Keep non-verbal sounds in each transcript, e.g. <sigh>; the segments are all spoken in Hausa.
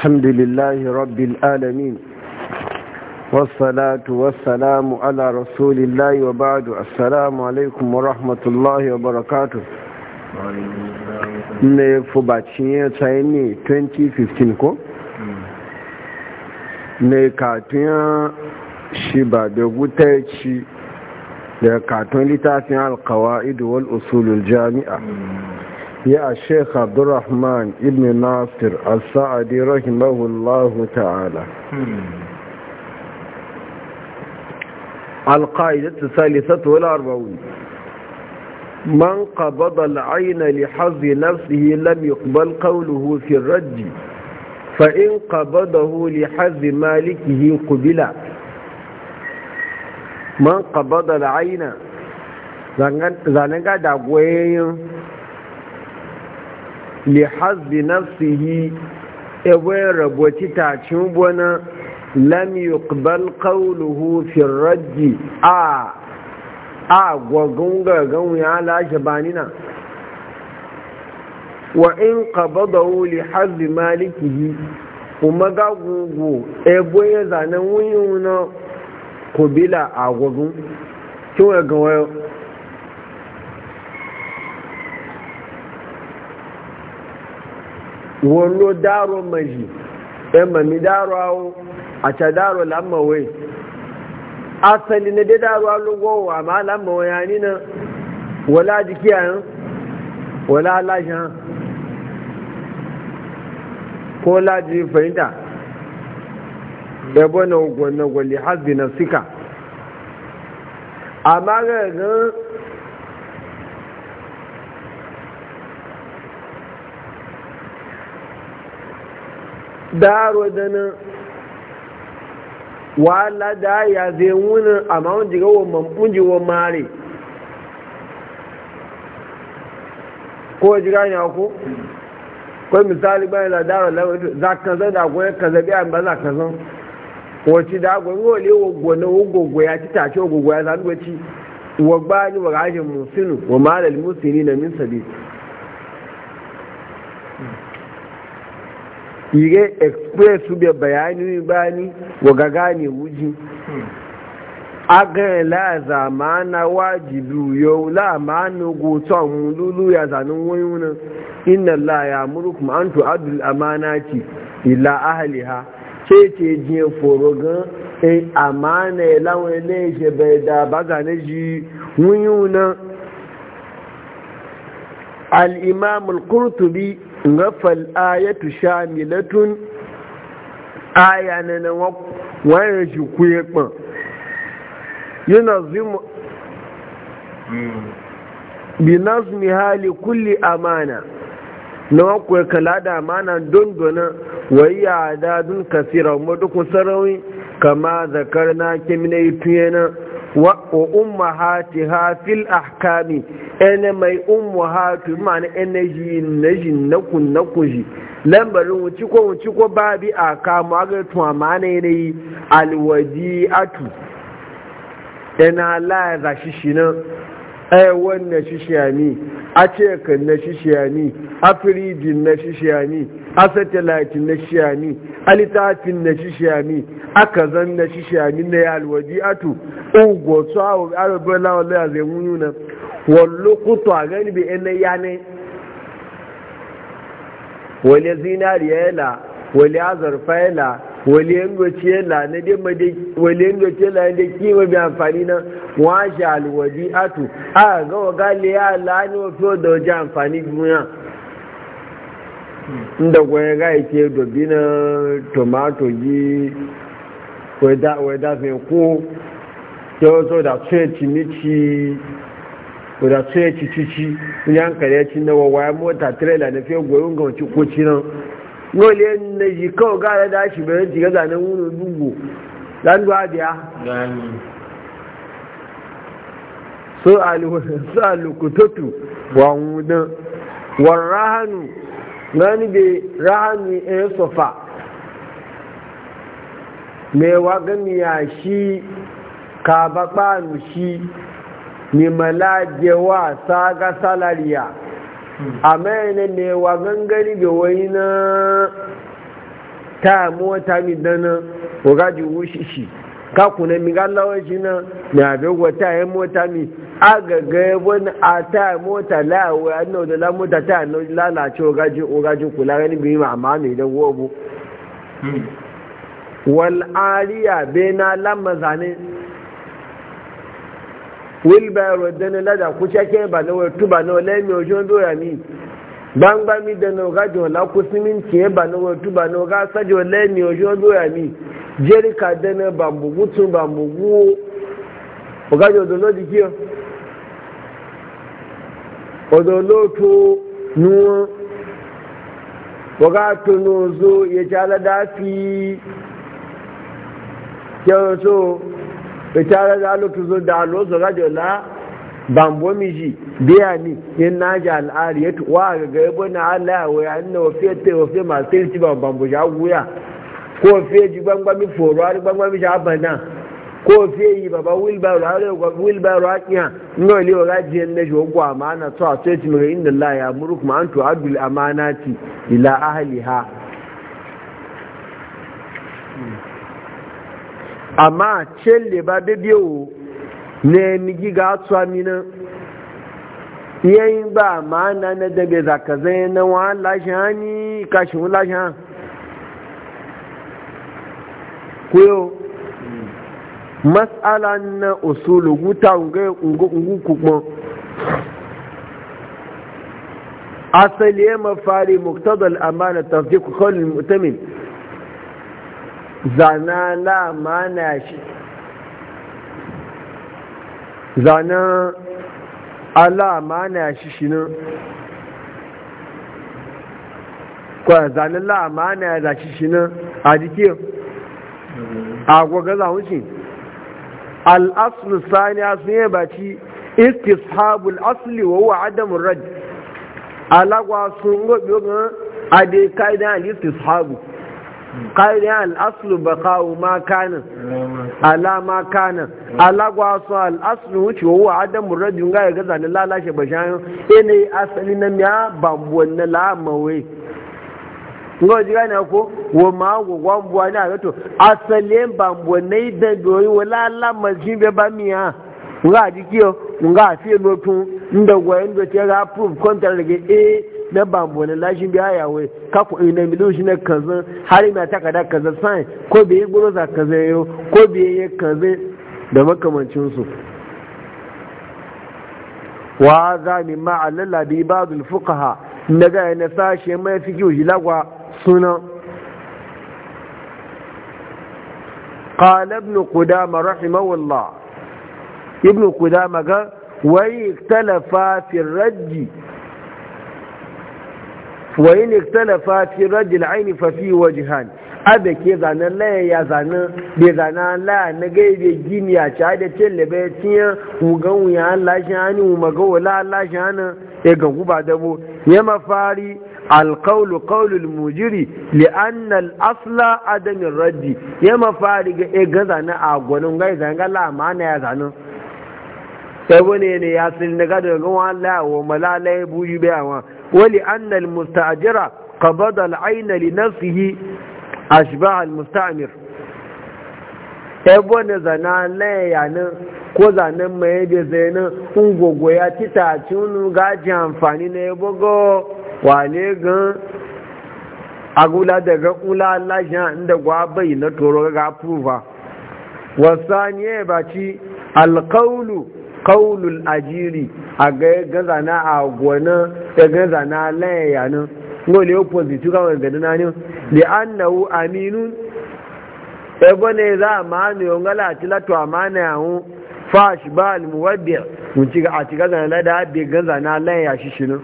الحمد لله رب العالمين والصلاة والسلام على رسول الله وبعد السلام عليكم ورحمة الله وبركاته ne fubacin tsaye 2015 ko? ne katun shi ba da da katun littafin alkawa usulul jami'a يا شيخ عبد الرحمن ابن ناصر السعدي رحمه الله تعالى القاعدة الثالثة والأربعون من قبض العين لحظ نفسه لم يقبل قوله في الرج فإن قبضه لحظ مالكه قبل من قبض العين زنان قد أقوين li hazbi nafsihi ebe rabuci tacin bona lam yuqbal qawluhu fi rajji a a gwagun gagan ya lashe banina wa in qabadahu li hazbi malikihi kuma ga gugu e ya zanen wuyuna kubila a gwagun kin wolo daro maji ɗan mami daro awo a ca daro lamawai asali na dai daro alugowa amma lamawai ya nina wala jikiyayen wala lashen ko laji fahimta da bane gwanagwali hasbi na sika amma daro da nan wala da ya zai wunin amma wani jiga wa mamfunji wa mare ko jiga ne ku kai misali bayan da daro lamarin za ka zan da kuwa ka zabi a ba za ka zan ci da gwan wale wa gwana wa gogo ya ci tace wa gogo ya zanuwa ci wa ni wa rajin musinu wa malal musini na min sabi yige express bai bayani bani waga gane wuji agan la zamana wajibu yo la manu gutan lulu ya zanin wayuna inna la ya murukum antu tu'adul amanati ila ahliha ce ce jiye forogan e amana lawon ile je bai da baga ji wayuna al imam al qurtubi ngafal ayatu shamilatun aya na na wayan shi kuye kpan yana zimu bi nazmi hali kulli amana na wakwai kala da amana don dona wai ya adadun kasira kuma duk sarauni kama zakar na kimina yi tuyena wa ummahatiha fil ahkami ene mai ummahatu na kun na kun ji lambarin wuci ko wuci ko babi a kamu aga tuwa yi alwaji alwadi'atu ena la za shi shi ai wannan shi shi a na shishiyani a firijin na shishiyani a satellite na shishiyani a littafin na shishiyani a kazan na shishiyani na yalwaji atu a su awo arabu lawa laya zai munu na wallo kuto a gani bi ina yane wale zinariya yala wale azarfa yala waliyan gociyar la na da kima bi amfani na washe alwaji atu a ga waga liya la ni wafi da waje amfani duniya inda kwaye ga ike dobi na tomato ji wadda fi ko ke wato da tsoye cimici wadda tsoye cicici yanka ya ci na wawa mota trailer na fiye goyon ga wacce wole na yi kawo gara da shi bayan jiga zanen wurin dubu dan duwa biya su alukutatu wa wudan war rahanu gani be rahanu ɗaya e sofa mai wa gani ya shi ka baɓa shi ni malajewa saga salariya Hmm. amma yana ne wa gangari ga wani na ta mota mi dana ko gaji wushi shi ka kuna mi ga shi na na ga wata mota mi agagaya wani a ta mota la'awo ya anno da la mota ta anno lalace o gaji o gaji kula gani bi ma amma mi da gobo hmm. wal aliya na lamma zane wilbaro dana lada ku shake ba na wayar tuba na wala mai ojo doya ni gbangba mi dana ga jo la ku simin ke ba na wayar tuba na ga sa jo mai ojo doya ni jerika dana ba tun ba bugu o ga di kiyo to to ìtara zalo tuzo da alozo radio la bambo miji biya ni yin naji al'ariyatu wa ga yabo na Allah ya waya ina wafiya ta wafiya masu tirci ba bambo ya wuya ko wafiya ji gbangbami foro har gbangbami ya bana ko wafiya yi baba wilbaro har wilbaro hakiya ina wali wa gajiyar na shi wagwa amana to a sai ci mai inda Allah ya muruk ma an to adul amanati ila ha. amma celle ba bebe o ne migi ga atu amina yayin ba ma na na dabe zaka zai na wa lashe hani kashi wa lashe han kuyo mas'ala na usulu guta unga ungu kuma asali ya mafari muktadal amana tafdiq qawl al-mu'tamin zana la mana shi zana ala mana shi shi ne kwa zana la mana ya zaci shi ne a jike a gwagaza wuce al'aslu sani a sun yi baci istishabul asli wa wa adamun rad alagwa sun gobe ogun adeka idan al قال al'aslu ba kawo makanin alama kanin alagwa su al'aslu wuce wa wa adam muradun ga ya gaza da lalashe ba shayon yanayi asali بامبو ان لا موي lamawe nga wajen gane ko wa ma gwagwan buwa ne a gato asalin bambuwan na idan doyi wa lalama shi bai ba miya nga a jikiyo nga a fiye lotun inda gwayen da ce ga proof contra ke a na bambo na lashin biya yawai kaku ina miliyon shi na kaza har na takada kaza sai ko biye goroza kaza yo ko biye kaza da makamancinsu. wa za mi ma alalla bi ba'd al fuqaha daga na sashe mai fiki shi lagwa sunan قال ابن قدامة رحمه الله ابن قدامة قال ويختلف في الرد wa yin ikhtalafa fi rajul aini fa fi wajhan abe ke zana, la ya zana be zanen la na gaibe giniya a ci da telle be tiya gan wuya an lashe shani u maga wala an lashe hana e ga guba dabo ya mafari qawlu al mujiri li anna al asla adam raddi ya mafari ga e ga zanen a gwanin ga zanen la mana ya zana. kai wani ne ya sun daga daga wala wa malala ya buji bayawa wali annal musta'jira qabada al li nafsihi ashba al-musta'mir ebo ne zana laya nan ko zanen mai da zanen ungogo ya ci tacinu gaji amfani na ebo go wale gan agula daga kula lajiya inda gwabai na toro ga fufa wasaniye ba ci alkaulu kaulul ajiri a ga gaza na a gona ya gaza na layaya nan ngo le opposite ka wa gadana ne li annahu aminun ebo ne za ma ne ngala tila to amana ya hu fash bal muwaddi mun ci ga a ci gaza na da be gaza na layaya shi shi nan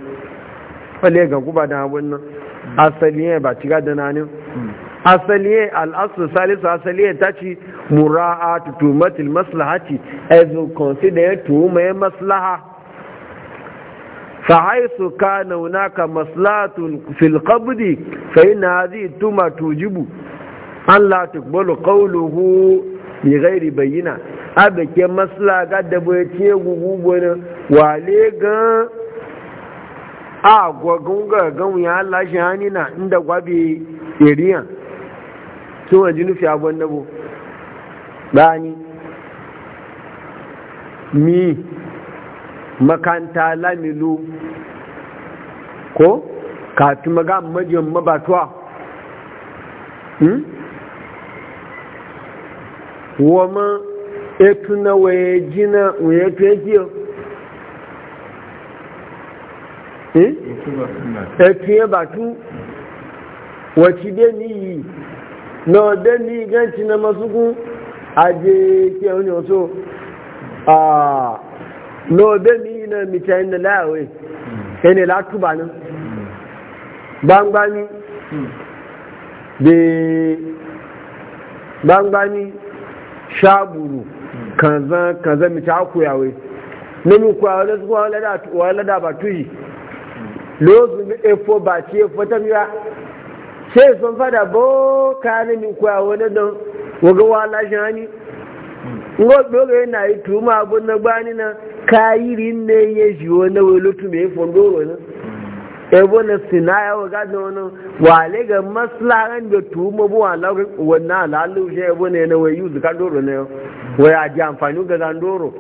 wale ga guba da abun nan asali ne ba ci gaza na ne asaliye al'asul salisu asaliye ta ce mura'a tutumatil maslahati as you consider tumayen maslaha fa haisu ka nauna ka maslahatun filkabdi fa yi na tuma tujibu an latin bolo kauluhu bi gairi bayyana abikin maslaha ga dabo ya ce gugugunan wale gan a gwagwagwagwun ya lashe hannuna inda gwabe iriyan Tun a jinufi abuwan nabo agbọ́n náà mi makanta lamilu ko kafin maga majiyar mabatuwa hmm? wọ́n etu na waye jina waye etu eki o hmm? etu ya batu wacide ni yi na ọdẹ ní gẹ́ǹtì na masukun ajé kí ẹ̀hún ni yóò tó ọdẹ ní iná mìtì ẹni láàwẹ̀ ẹni látúbà ní gbangba ní gbangba ní ṣáàbùrù kanzan kanzan mìtì akuyawẹ̀ nínú kọ́ àwọn tó yìí lóòsùn efo bàtí efo tẹ́míra sai sun fada bo kani min kuwa wani don waga wala shani ngo dogo na yi tuma abun na bani na kayiri ne ya shi wani wani tume ya fondoro na ebo na sinaya waga na wani wale ga maslahan da tuma bu wala wannan alalu shi ebo ne na wayu zuka doro na yau waya ji amfani ga gandoro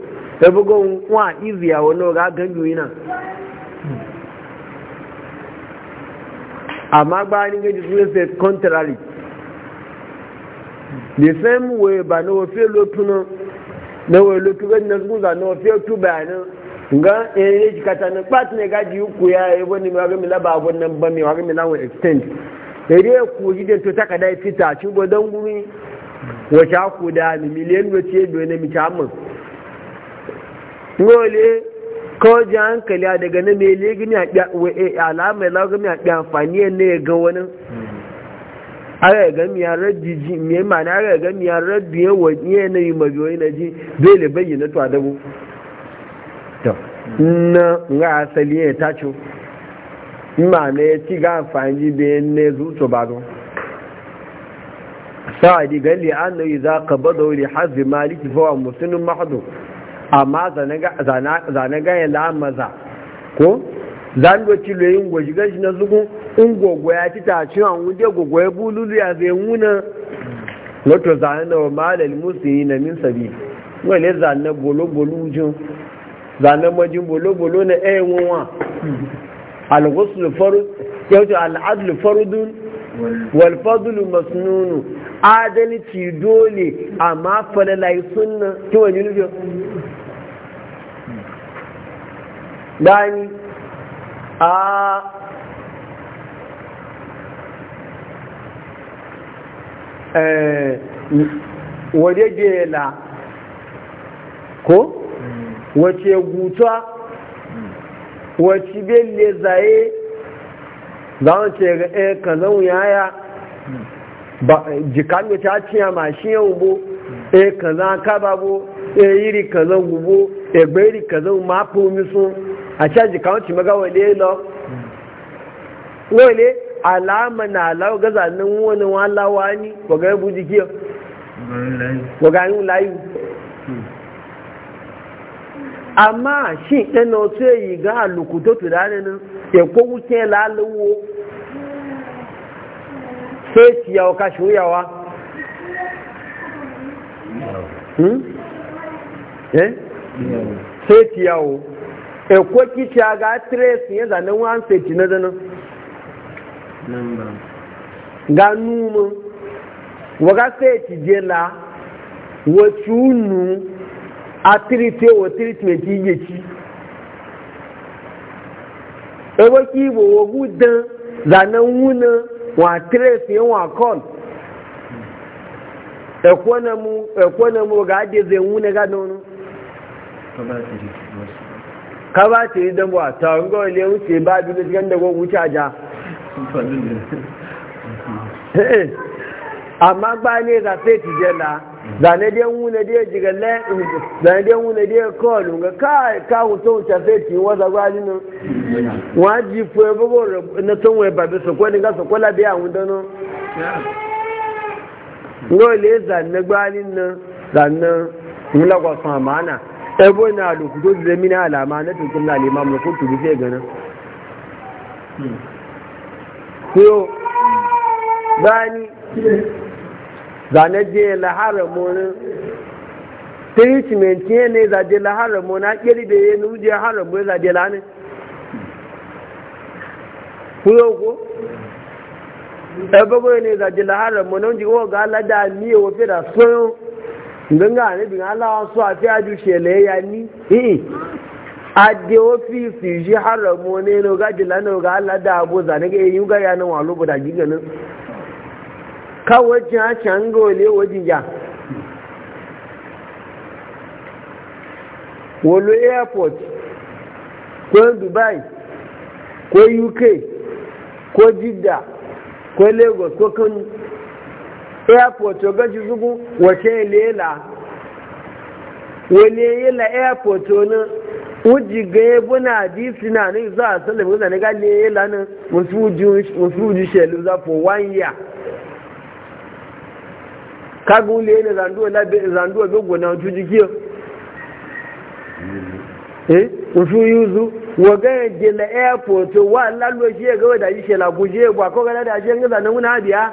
ebo ga wa iziya wani waga gandu yana amma bayanin gaji sun sai contrary the same way ba na wafe lotunan na wafe lotunan na zuza na wafe tu bayanin nga ene ji kata na pat ne gaji ku ya e wani ma ga mila ba wannan ba mi ga mila wa extend ere ku ji den to takada fita ci bo dan gumi wacha ku da miliyan wace do ne mi chamun ngole ko ji hankali a daga na mai legini a eh, alamai lagami a ɗi amfani ne ga wani aga ga miya raddi ji me mana aga ga miya raddi ya wani na ji dole bayyana to adabu dabu na ga asali ya tacho mana ya ci ga amfani ji bayan ne zuto ba don sa'adi ga za ka bada li hazzi maliki fa wa muslimun amma zane gaya lamaza ko zan do cilo yin gwaji gashi na zugun in gogo ya ci ta cin an wuje ya bululu ya zai wuna wato zane na wa malal yi na min sabi wale zane bolo-bolo jin zane majin bolo-bolo na ɗayan eh wuwa, alghuslu farud yauta al'adlu farudun wal fadlu masnunu adalci dole amma falalai sunna kin wani nufi gani a eh, wadda gela ko mm. wace guta mm. wace belle zaye za a ce ga ɗaya eh, ka zaun yaya mm. jikan da ta ciya mashi yau bo ɗaya kaza za ka babo ɗaya eh, yiri kaza zan gubo ɗaya iri ka mafi àṣájì kan ti maga wale lọ wale alama na alawa gaza nan wani walawa ni waga yabu jikiya waga yin layu amma shi ɗan na otu yi ga alukuto turare nan ekwo wuce lalawo sai ciyawa kashi wuyawa sai ciyawa ẹ̀kọ́ kí kíkí aga tírẹ̀sì yẹn zà ní wọ́n ṣe tì náà dáná ga númọ wọ́gá ṣètì díẹ̀ la wọ́n tí ó nù atírítẹ́ wọ́n tírítímẹ̀tì yìí yẹtì ẹ̀kọ́ kí wọ́n wọ́gú dán zà ní wọ́n nà wọ́n tírẹ̀sì yẹn wọ́n kọ́ọ̀lù ẹ̀kọ́ náà mu ẹ̀kọ́ náà mu wọ́gá dé zẹ̀ wọ́n nà gá dáná. ka ba ce yi dambo a taron ne wuce ba bi da cikin da gwagwu caja eh, amma ba ne ga feti jela zane dai wune dai jiga le zane dai wune dai kọlu ga kai ka wuce wuce feti waza gwani nan waji fuwe bugu na tunwe babi su kwani ga su kwala biya wunda nan ngole zanne gwani nan zanne wula kwasan amana ebo na lokuto da mini alama na tuntun na alimam na kuntu rufe ganin kuyo gani zane je lahara mona treatment ne ne za je lahara mona kiri da ya nuje haramu za je lani kuyo ebe ne za je lahara mona ji ko ga alada miye wafe da soyo gbẹ̀ngà níbi aláwọ̀ sọ àti àjùṣẹ̀lẹ̀ ẹ̀yà ní ìhìn adé ọ́fíìsì yí haramu nínú gájì lánàá ọ̀gá aládà àbúzà nígbà èyí ń gáyà náà wà lóbodà gíga náà káwọ́ jẹ́ àṣà ń gò lé wọ́n jìyà wọ́n lo airport kó dubai kó uk kó jidda kó lagos kó kano airport ogaji zugu wace lela wani yela airport wani wuji ga yabo na hadisi na ne za a sallam wanda na gani yela nan wasu uji shelu za for one year kaga wuli yana zanduwa labe zanduwa gogo na wasu jikiyo eh wasu yuzu waga yadda na airport wa lalwa shi ya gawa da shi shela guje ba ko gana da shi yanzu zanen wuna biya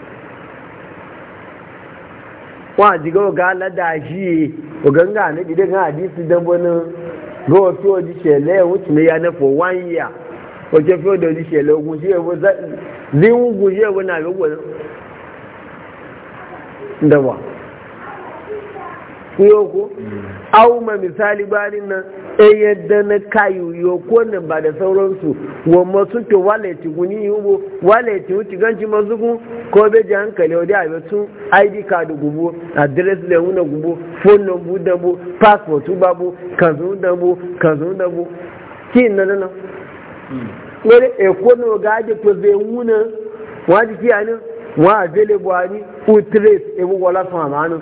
wa jiga ga lada shi o ganga ne bide ga hadisi dan bonin o fi oji shele wuce ne ya na for one year o je fi oji shele ogun shi ewo zin gun shi ewo na yogo ndawa yoko au ma misali bani na e eh, yadda na kayu yoko nan ba da sauransu wa masu ke waleti guni yubo waleti wuce ganci masu kun ko be ji hankali wadda a yasu id card gubo address da wuna gubo phone number dabo passport ba babu kazu dabo kazu bu kin na nan wani hmm. e ga aje to zai wuna ki kiyanin wa available ani utres ebo wala fama nan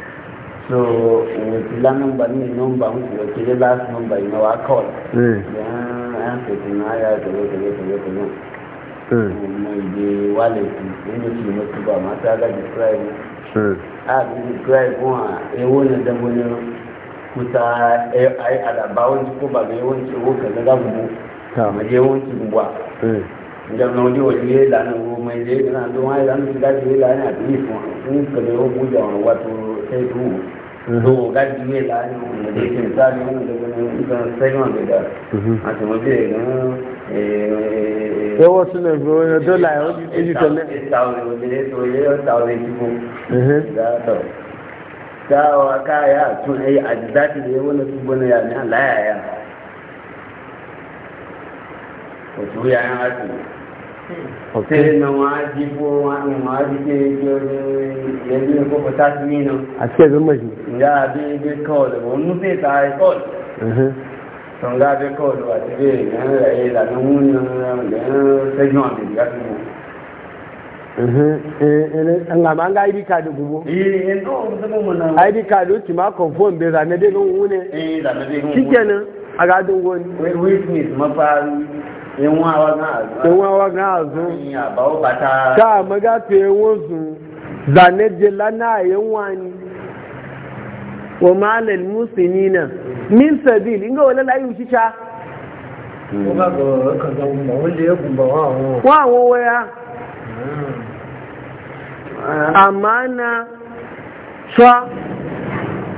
so wikila nọmba ní nọmba ń kúrò kiri last nọmba yìí náà wà á kọ́ ẹ̀ ẹ̀ ń fètè náà yà tẹ̀lé tẹ̀lé tẹ̀lé tẹ̀lé ọmọ ìdè wálé tì nínú tí mo ti bọ̀ àmọ́ sáà láti describe á ti describe wọn à ewo ní dẹ́gbó ní kuta ayé àdàbà wọn ti kó bàbá ewo ní ewo kẹlẹ́ dá gbogbo àmọ́jẹ́ ewo ti gbogbo à ìjọba ojú òjì yé lánàá wo ọmọ ìdè náà tó wọn ayé lánàá ga diwe la ni de ke sa ni ni de ga sai ma de da a to mo de ga eh to wa sun ne go ne to la yo ji ji to ne ta o de to ye o ta o de ji mo eh da to ta wa ka ya tun ya ya ya ya sai na wani waji ke yanzu ne ko fata su yi nan a cikin ya bi bi kawai da wani sai ta yi kawai tun ga bi kawai da wata bi yan raye da nan wuni da yan sajin wani da gafi mu an gama an id card gubo ma confirm wune enwa awa gan azun ka maga to enwo zun zane je lana yenwa ni wa malal musinina min sabil inga wala la yushisha wa awon ya, amana swa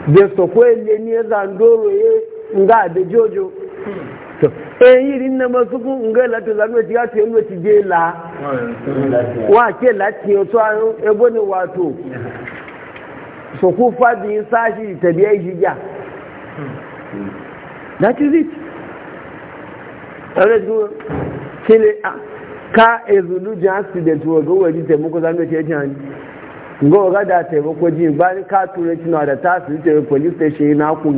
de sokwe le ni ndoro ye nga adejojo jojo. to eh yirin na masu nga la to zanwe ti ati je la wa ke la ti o to an ebo ni wa to so ku fa bi sa shi that is it ka ezulu jan student wo go wadi te muko zanwe ti jan ngo ga da te ko ji ba ka ture ti na ọdata asịrị su polis police station na ku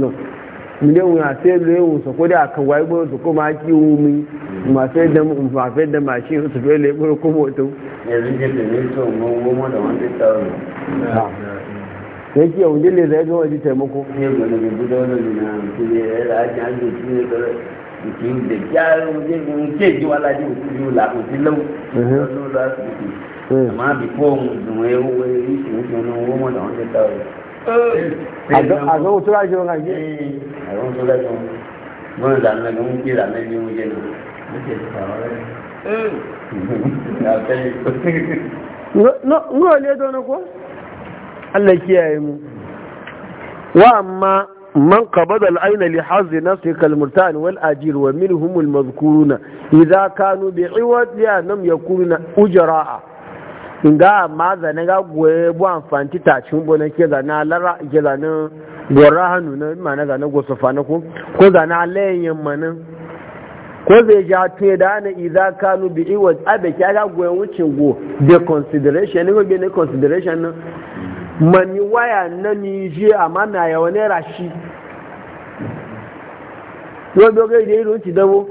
miliyan ya sai miliyan wusa ko da aka wayi gurin su kuma ki wumi ma sai da mu fa fa da mashin su dole gurin kuma wato yanzu ke da ne to mu mu mu da wanda ta sai ki yau dole zai ga wani taimako ne ga da bi da wannan na ki ne da ake an ji ne da ki da kyaro je mu ke ji wala ji ku ji la ku ji lau lau la su amma before mu mu wani shi mu mu da wanda ta a ga mutura ji wani ẹ̀rọ tó lẹ́kùn mọ́ ìlànàbí ń pè ìlànàbí ń jẹ́ nà ngọ́ ilé dọ́nà kọ́ Allah kiyaye mu wa amma man qabada al-ayna li hazzi nafsika al-murtan wal ajir wa minhum al-madhkuruna idha kanu bi'iwad nam yakuna ujara'a nga ma zane ga goye bu amfani titacin bonan ke zane alara ke zane gora hannu na ma na zane gosu fana ko ko zane alayen manin ko zai ja tuye da ana iza kanu bi iwa abe ki aga goye wucin go the consideration ni go be ne consideration na mani waya na ni je amma na yawa ne rashi yo dogo ide iru ti dawo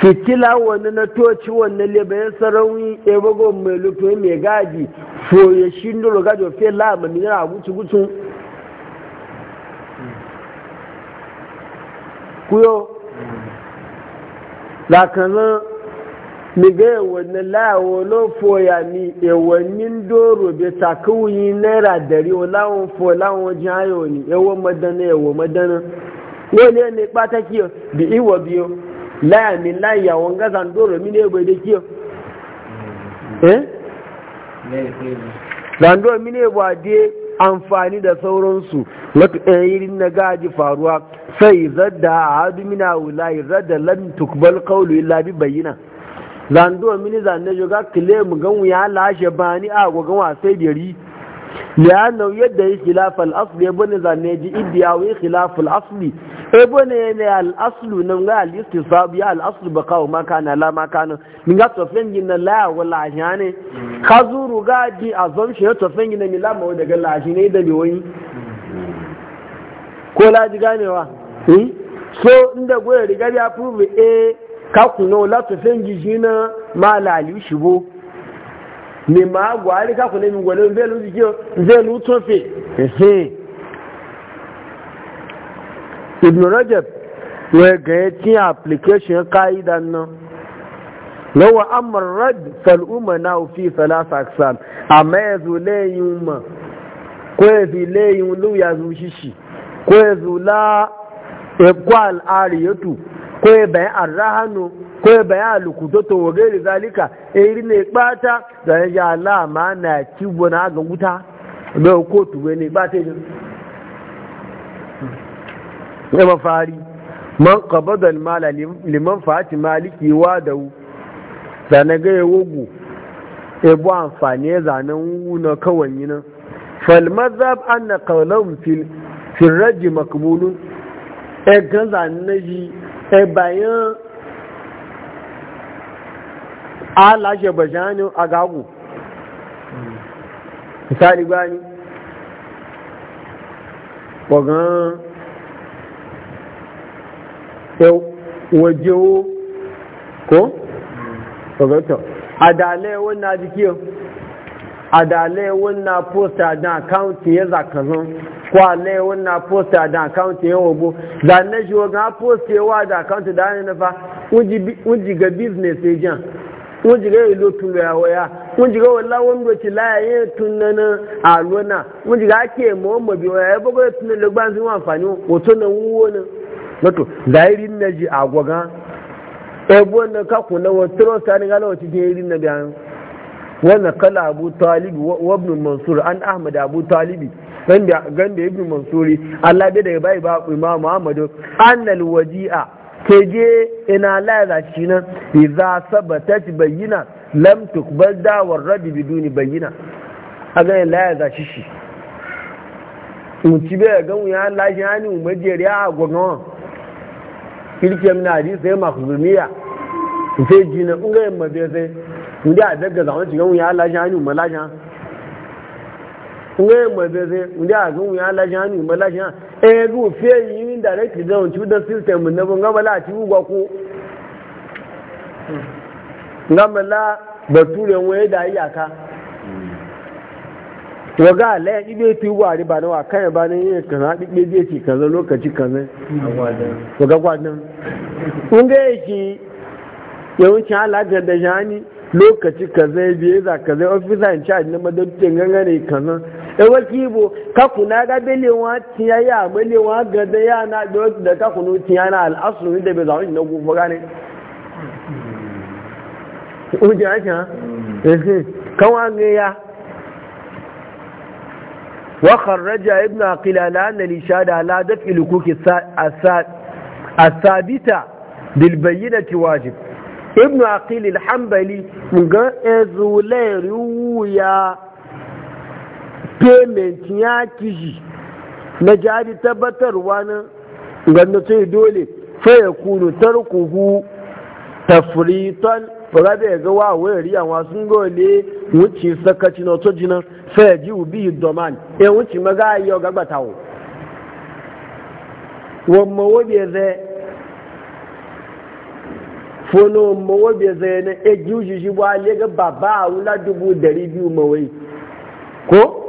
fitila wani na toci wani lebayin sarauni ebogo mai lufe mai gaji foye shi ndoro gajo fe lama ni yana gutu gutu kuyo lakanan miga wani lawo lo foya ni ewannin doro be takawuyi naira dari o lawon fo lawon jayo ni ewo madana ewo madana wani ne pàtàkì bi iwo biyo láyà mi láyà wọn gáza ń dòrò mí ní ègbè dékí ọ zandoro mí ní ègbè àdé amfani da sauransu eh, irin na gaji faruwa sai zadda a hadu mina wulayi zadda lam tukbal kaulu illa bi bayyana zandoro mini zanne joga kile mu gan wuya lashe bani a gogan wasai biyari liyanau yadda yi khilafal asli ya bane zane ji indiya wa yi khilafal ya bane ne al'aslu nga al'isti ya al'aslu ba kawo maka na la maka na min ga tofin gina laya wa lahiya ne ka zuru a zomshi ya tofin gina mi lama wa daga lahi ne da biyoyi ko laji ganewa so inda goya rigar ya furu eh ka kuno la tofin ma laliu shigo mi máa wà á rí kákùnlé mi wọlé nbẹ́lú jíjẹ́ nbẹ́lú tó fè ibn rajab wọ́n gẹ̀ẹ́ tí application ka'ida náà lọ́wọ́ amurad fal'umma na ofi salasa aksam ko baya lukuto to wa gairi zalika e iri ne bata da ya ja alama na kibo na ga wuta da kotu tuwe ne bata ne ne mafari man qabada al mala liman fati maliki wa da wu zane ga wogu e bu amfani zanen wuna kawai nan fal mazhab e na qawluhum fil fil rajm maqbulun e ganza naji e bayan ala lashe bajanin agagu misali gani ƙwagan wajewo ko? ƙwagata adalai wannan ọ adalai wannan posta don akawunti ya zakazan kwalai wannan posta da account ya wobo da shi wa ga da da na fa ga business ya wọ́n jìgá ìlú tún lọ ẹ̀họ́ ya wọ́n jìgá wọ́n láwọn ń dọ̀tí láàyè tún nana àlọ́ náà wọ́n jìgá kí ẹ̀ mọ́ bí wọ́n ẹ̀ bọ́kọ́ tún lọ gbá sí wọn àǹfààní wọ́n tó na lọ́tọ̀ nà àgọ́ gan kakùn wọ́n sani wọ́n ti dín bí na kala abu talibi wọ́n mansur an ahmed abu ganda mansuri ba tege ina laiza shi nan ta ci bayyana lamtuk tuqbal dawar rabi bidu ni bayyana a ganin laiza shi shi mutu bai ga mu ya lashi hannu mu majeri a gwanon kirkem na hadisi ya makhzumiya sai jina in ga yamma bai sai ndi a daga zaune shiga mu ya lashi hani mu lashi in ga yamma bai sai mu da ga mu ya lashi hannu mu hannu egu fiye yi ni directly zan ci da system na bun ci ugwa ku ngamba la bature waye da iyaka to ga la yi be ti gwa ri ba na wa kan ba ne kan ha ci kan lokaci kan to ga kwadan kun ga yake yawancin alaƙar da jani lokaci kaza biye za kaza ofisa in charge na madabtin gangare ewe kibo kaku na ga bele wa tiya ya bele wa gada ya na da kaku no tiya na asru da be zawon na gufa gane oje aja eh kan wa ga ya wa kharraja ibnu aqilala an li shada la daf'i lukuk as-sabita bil bayyinati wajib ibnu aqil al-hanbali ga ezulairu ya payment ya kiji na jari tabbatarwa na gandace dole faya kunu tarkuhu tafritan rabe ya ga wawaye riyan wasu dole wuce sakaci na otu jinan faya ji ubi doman ya wuce maga yau gagbatawo wamma wabe zai fono mawabe zai na ejiyu shi ba lega baba a wula dubu dari biyu mawai ko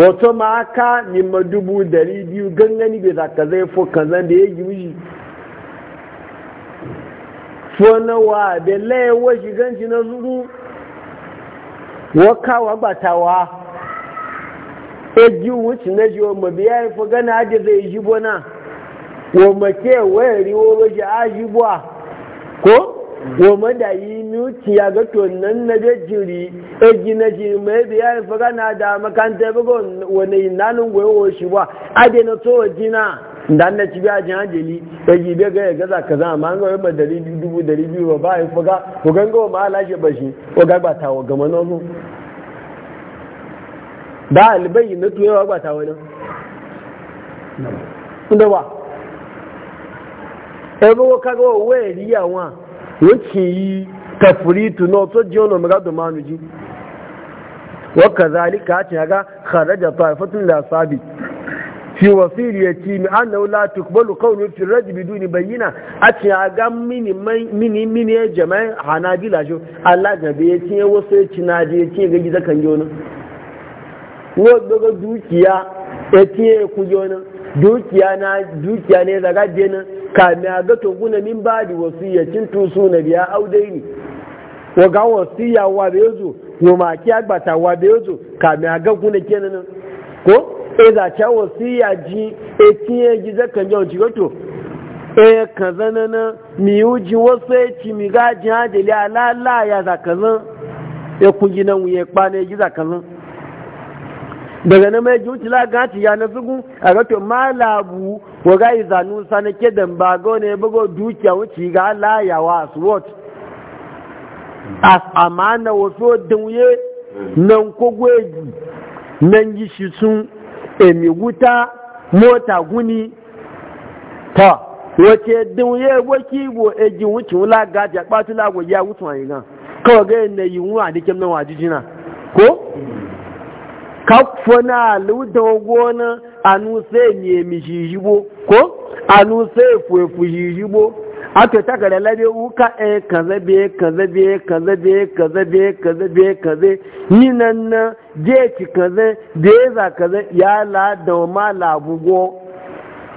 wato ma aka nima dubu dari biyu gangani bai za ka zai fo kanzan da ya yi wuji wa da laiwa shiganci na zuru wa batawa e ji wuce na ji wa biya ya fi gana aji zai jibo na wa make waya riwo waje a jibuwa ko wa madayi nuci ya ga to nan na jiri e gina ya mai biya faga na da makanta ya go wani nanin goyo shi ba ade na to jina dan na ci biya jin ajeli e ji be ga gaza kaza amma ga ba dari dubu faga ko ganga ma lashe shi ko ga ga manozo na ba ebe kaga wa wacce yi tafritu na wato jiyo na maga da manuji waka zalika ce ga kharaja taifatun da sabi fi wasiliyati mi annahu la tuqbalu qawlu fi rad biduni bayyina a ga mini mini mini jama'a hanabila jo Allah gabe ya ce wasu ya ci naje ya ce ga gizakan jona wo dogo dukiya ya ce ku jona dukiya na dukiya ne zaga jena kame a ga to guna min ba di wasiya cin tusu na biya audaini wa ga wasiya wa da yazo wa ma ki agbata wa da yazo kame a ga guna kenan ko e za ta wasiya ji e tiye ji zakan jawo ci to e kaza na na mi uji wasu e mi ga e ji ha hadeli alala ya zakan e kun ji nan wuye kpa ne ji zakan daga na mai juci laganci ya na zugun a gato malabu wa ga izanu sana kidan ba ga ne bugo dukiya wuce ga Allah ya wa aswot as amana wato dunye nan kogweji nan gishi sun emi wuta mota guni ta wace dunye waki go eji wuce wula gaja kpatula go ya wutu ayi gan kawai ga ne yi wuwa dikem nan wajijina ko kafuna ludogona anu sai ne mi jijibo ko anu sai fuefu jijibo aka ta gare labe uka e kaza be kaza be kaza be kaza be kaza be kaza ni nan na je ki kaza de za kaza ya la da ma labugo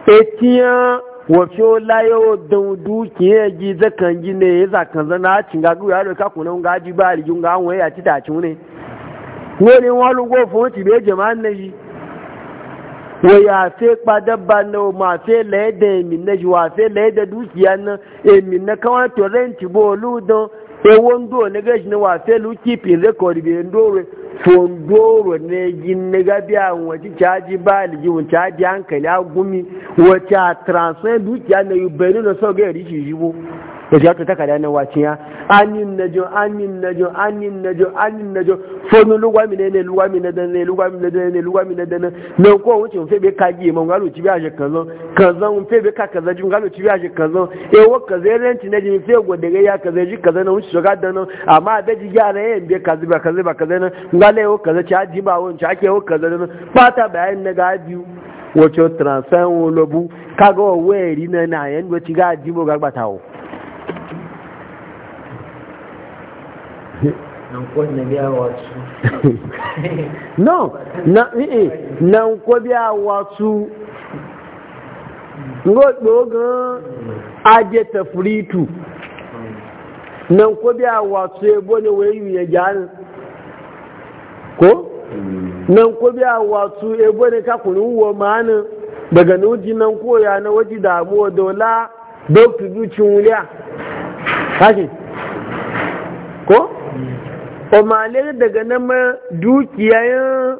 etiya wato layo don dukiya ji kan ji ne ya zakan zana cin gagu ya roka kunan gaji ba rigin gawon ya ci dacin ne wani wani gofa wanci bai jama'an na shi wa ya kpadaba na o ma fe laye na shi wa fe laye da dukiya na emin na kawai to bo olu don ewo ndo ne ga shi na wa fe lu keeping na gabi a wace caji ba liji wace caji hankali a gumi wace transfer dukiya na yi bari na sau ga da shi haka kada na wace ya anin na jo anin na jo anin na jo anin na jo fonu luwa mi ne ne luwa mi ne dan ne luwa mi ne dan ne luwa mi ne dan ne ne ko wuce mun febe ka gi mun galo ci biya je kanzo kanzo mun febe ka kaza jin galo ci biya je kanzo e wo e ren ti ne jin fe go daga ya kaza ji kaza na wuce shoga dan no amma be ji ya ne be kaza ba kaza ba kaza na ngale wo kaza cha ji ba won cha ke wo kaza da fata bayan na ga wo cho transfer wo lobu kaga we ri na na yen go ti ga ji mo ga gbatawo Na <laughs> no na nkwo bịa watu ngo kpo gan aje tafritu na nkwo bịa watu ebo ne wee yuye jan ko na nkwo bịa watu ebo ne mm. ka kunu wo manu daga nuji nan koya na waji damuwa dola dokta zucin wuliya kashi ko umarnin daga nama ya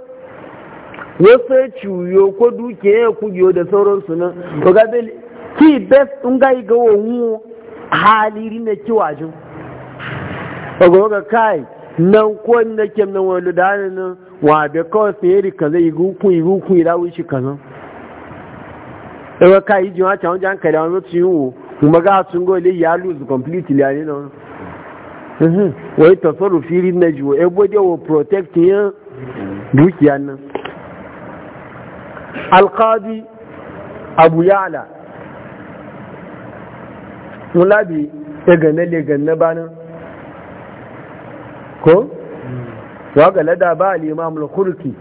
wasu cuyo ko dukiya ya kugiyo da sauransu nan to ga bai ki bes in ga ga wani haliri na kiwajin ogo ga kai nan ko na kem nan wani da nan wa da kawai sai yari kaza gukun yi ila wuce kaza ewa kai jin wa ta wajen kai da wani zai yi wo kuma ga sun gole ya lose completely a ne na wani wai tasaru fili na jiwo ebo de wo protect ya dukiya nan alqadi abu ya'la mulabi ya gane le gane banan ko wa ga lada ba al-imam al-khurki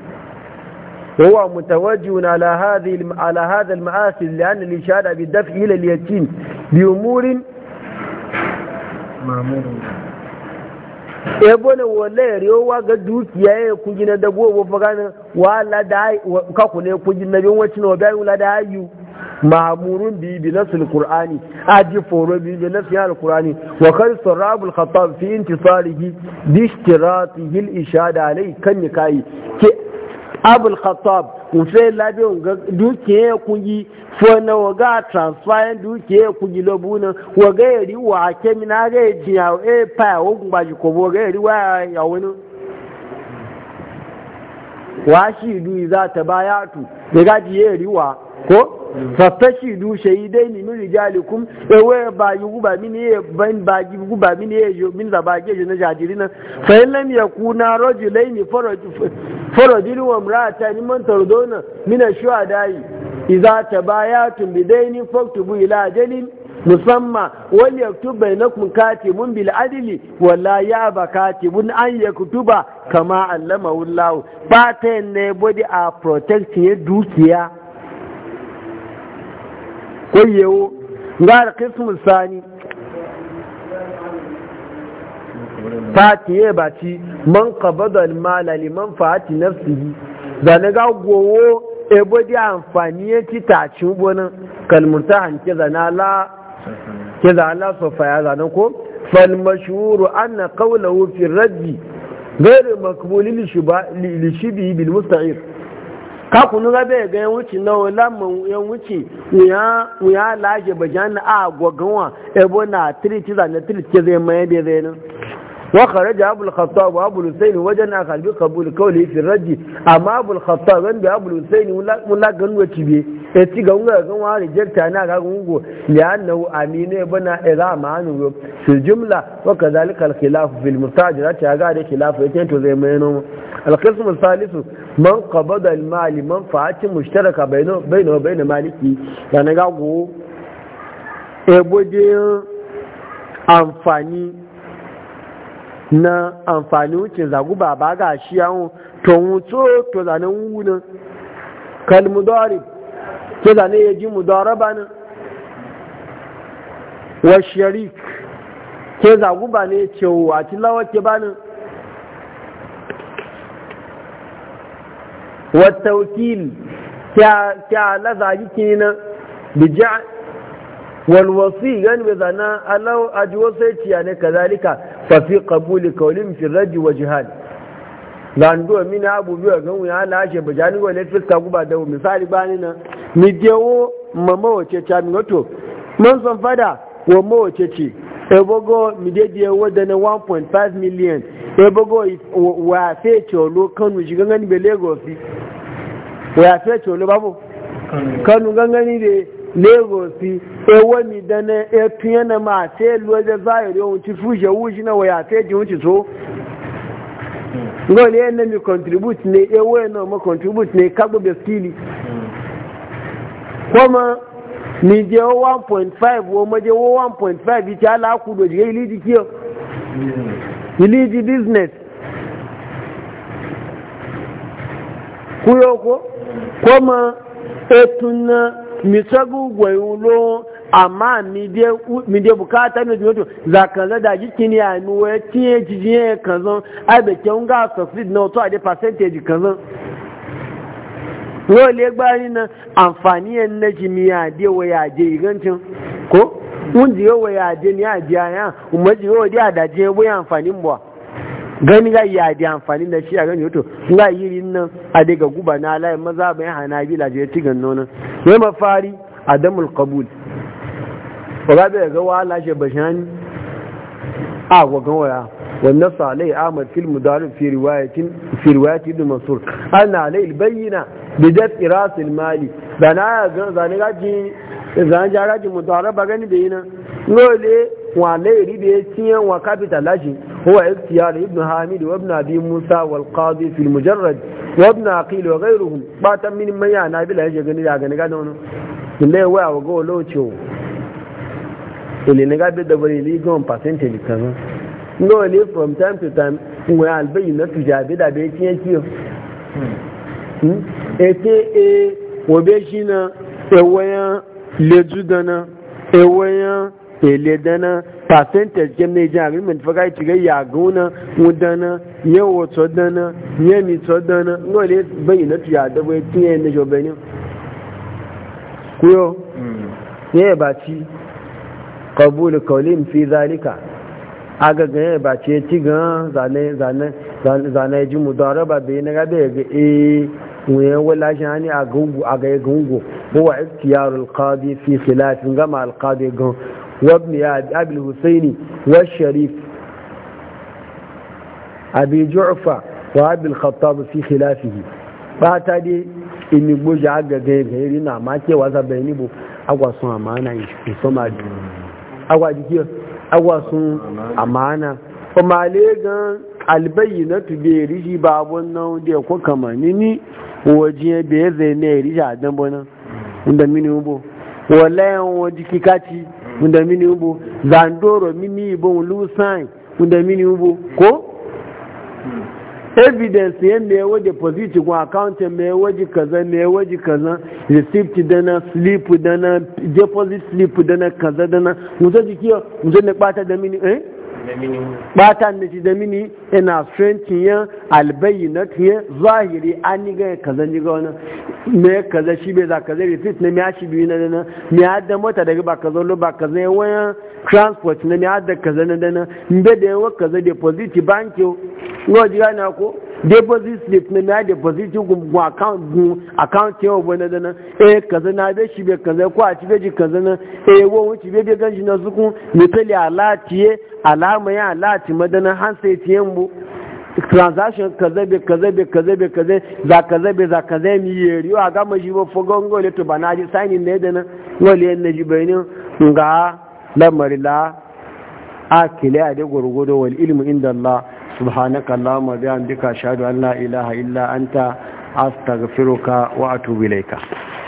هو متوجه على هذه على هذا المآسي لأن الإشارة بالدفع إلى اليتيم بأمور معمول e bone wala riyo wa ga dukiya ya ku gina da gobo fa wa la da ka ku ne ku gina bin wacce no bayan wala da ayu mahmurun bi bi nasul qur'ani aji foro bi bi nasul alqur'ani wa kan sarabul khatab fi intisalihi bi ishtiratihi al ishada alai kan kai ke abul khatab nfe labe nga dukiye kuyi fo na waga transfer dukiye kuyi lobu na waga eri wa ke mi na ga ejin ya e pa o gba ji ko waga eri wa ya wonu wa shi du za ta ba ya tu daga ji eri wa ko fafashi du shahidai ni min rijalikum ewe ba yi guba min ye ban ba yi guba mini ye jo min za ba ge na jadiri na fa in lam yakuna rajulain farajul wa imra'atan man tardona min ya tumbi idza ni bidaini bu ila ajalin musamman wani ya na kun kati mun bil adili wala ya ba mun an kutuba. kama allama wallahu na ne bodi a protect dukiya koyewo ga da kismu sani fati ya ci man qabada al-mala liman fati nafsihi da ne ga gowo ebo di amfani ya ci taci bonin kalmurta hanke zana la ke zana Allah sofa ya zana ko fal mashhuru anna qawluhu fi raddi غير مقبول لشبه لشبه kakunu rabe ga yan wuce na ma yan wuce ya laje ba jana a gwagwa ebo na triti za na triti ke zai mai bai zai nan da abul khattab wa abul husaini wajen na kalbi kabul kawai fi raji amma abul khattab zan da abul husaini mula ganu ti e ga wunga ganwa da jarta na ga gungo ya na wu amine bana e da khilafu ya e kento zai القسم الثالث من قبض المال منفعة مشتركة بينه بينه وبين مالكي يعني قاقو ebodin amfani na amfani wuce zagu ba ba ga shi yawon to wuto to zanen wunan kalmudari ke zane ya ji mudaraba nan wa sharik ke zagu ba ne cewa ci ba والتوكيل كعلى ذلكنا بجع والوصي يعني بذنا الله أجوصيتي يعني كذلك ففي قبول قول في الرج وجهاد لأن mini من أبو wuya lashe على wa ne fiska guba da misali bani na mi dewo mama wace من mi wato mun san fada ebogo mi de de wada na 1.5 million ebogo wa fe cholo kanu shiga ngani be lagos ya fe colo babu kanu gangani da lagos ewa mi dana etu yana ma te luwa da zahiri ohun ci fushe wushi na waya fe ji wuce so gole yana mi contribute ne ewa na ma contribute ne kagbo da stili kuma ni je 1.5 wo ma je 1.5 ita ala ku do je ilidi kiyo ilidi business kuyo ko kuma etun na misagu gwaiwulo amma mi dai bukata ne jimoto za kan zada jikin ya mi waya tiye jijiye kan zan abe ke nga succeed na oto ade percentage kan zan wale gbani na amfani yan na jimiya dai waya je igancin ko mun jiyo waya je ni a ya umar jiyo a gani ga iya da amfani da shi a gani wato ga yirin nan a daga guba na layin maza bai hanabila je tigan nonon ne mafari adamul qabul ba ga bai ga wala she bashani a gogan waya wannan salai ahmad fil mudarib fi riwayatin fi riwayati ibn mansur ana alai bayyina bi irasil mali da na ga zani zan jara ji mutara ba gani da yana lole wa lairi da ya ciye wa capital lashi huwa ikhtiyar ibn hamid wa ibn musa Walqadi, qadi fil mujarrad wa ibn aqil wa ghayruhum ba ta min man ya na ga ne from time to time da hmm. Hmm? e, e wobe shi na e leju dana ewayan ele dana percentage kem ne jan agreement faga ci ga ya gona mu dana ye woto dana ye mi to dana le bayi na tuya da bai e tiye ne jo ni, kuyo mm. ye ba ti qabul qawlin fi zalika aga ga ye ba ti e ti ga zane zane zane ji mudaraba be ne ga be ga e wo ye wala shani agungu aga e gungu huwa ikhtiyar alqadi fi khilafin gama alqadi gan wa ibn abi husaini wa sharif abi ju'fa wa abi al-khattab fi khilafihi ba ta dai in gboje aga ga gairi na ma ke wa zabe ni bo agwa sun amana yi so ma ju agwa jiki agwa sun amana ko male gan albayyinatu bi riji babun nan da ko kamani ni waje be zai ne rija dan bonan wanda mini ubo wallayan waji kikaci wanda mini ubo zandoro mini ibo lusan wanda mini ubo ko evidence ya mai waje positi kun accounting mai waje kaza mai waje kaza receipt dana slip dana deposit slip dana kaza dana mutu jiki mutu ne bata da mini eh batan da shi da mini ina strengthin yan albayyinat yan zahiri an ni ga kaza ni ga wani me kaza shi bai za kaza refit na miya shi biyu na dana miya da mota daga ba kaza lo ba kaza yan wayan transport na miya da kaza na dana mbe da yawa kaza deposit bank yo ngo jiga na ko deposit slip na miya deposit gun account gun account yo bo e na dana eh kaza na da shi bai kaza ko a ci bai kaza na eh wo wuci bai bai ganji na sukun misali alatiye alama ya lati madana han sai tiyan bu transaction kaza be kaza be kaza be kaza za kaza be za kaza mi yeri a ga shi ba fogon gole to bana ji sani ne da nan gole ne ji bayin ga lamari la akile a da gurgudo wal ilmu inda Allah subhanaka allahumma bihamdika ashhadu an la ilaha illa anta astaghfiruka wa atubu ilaika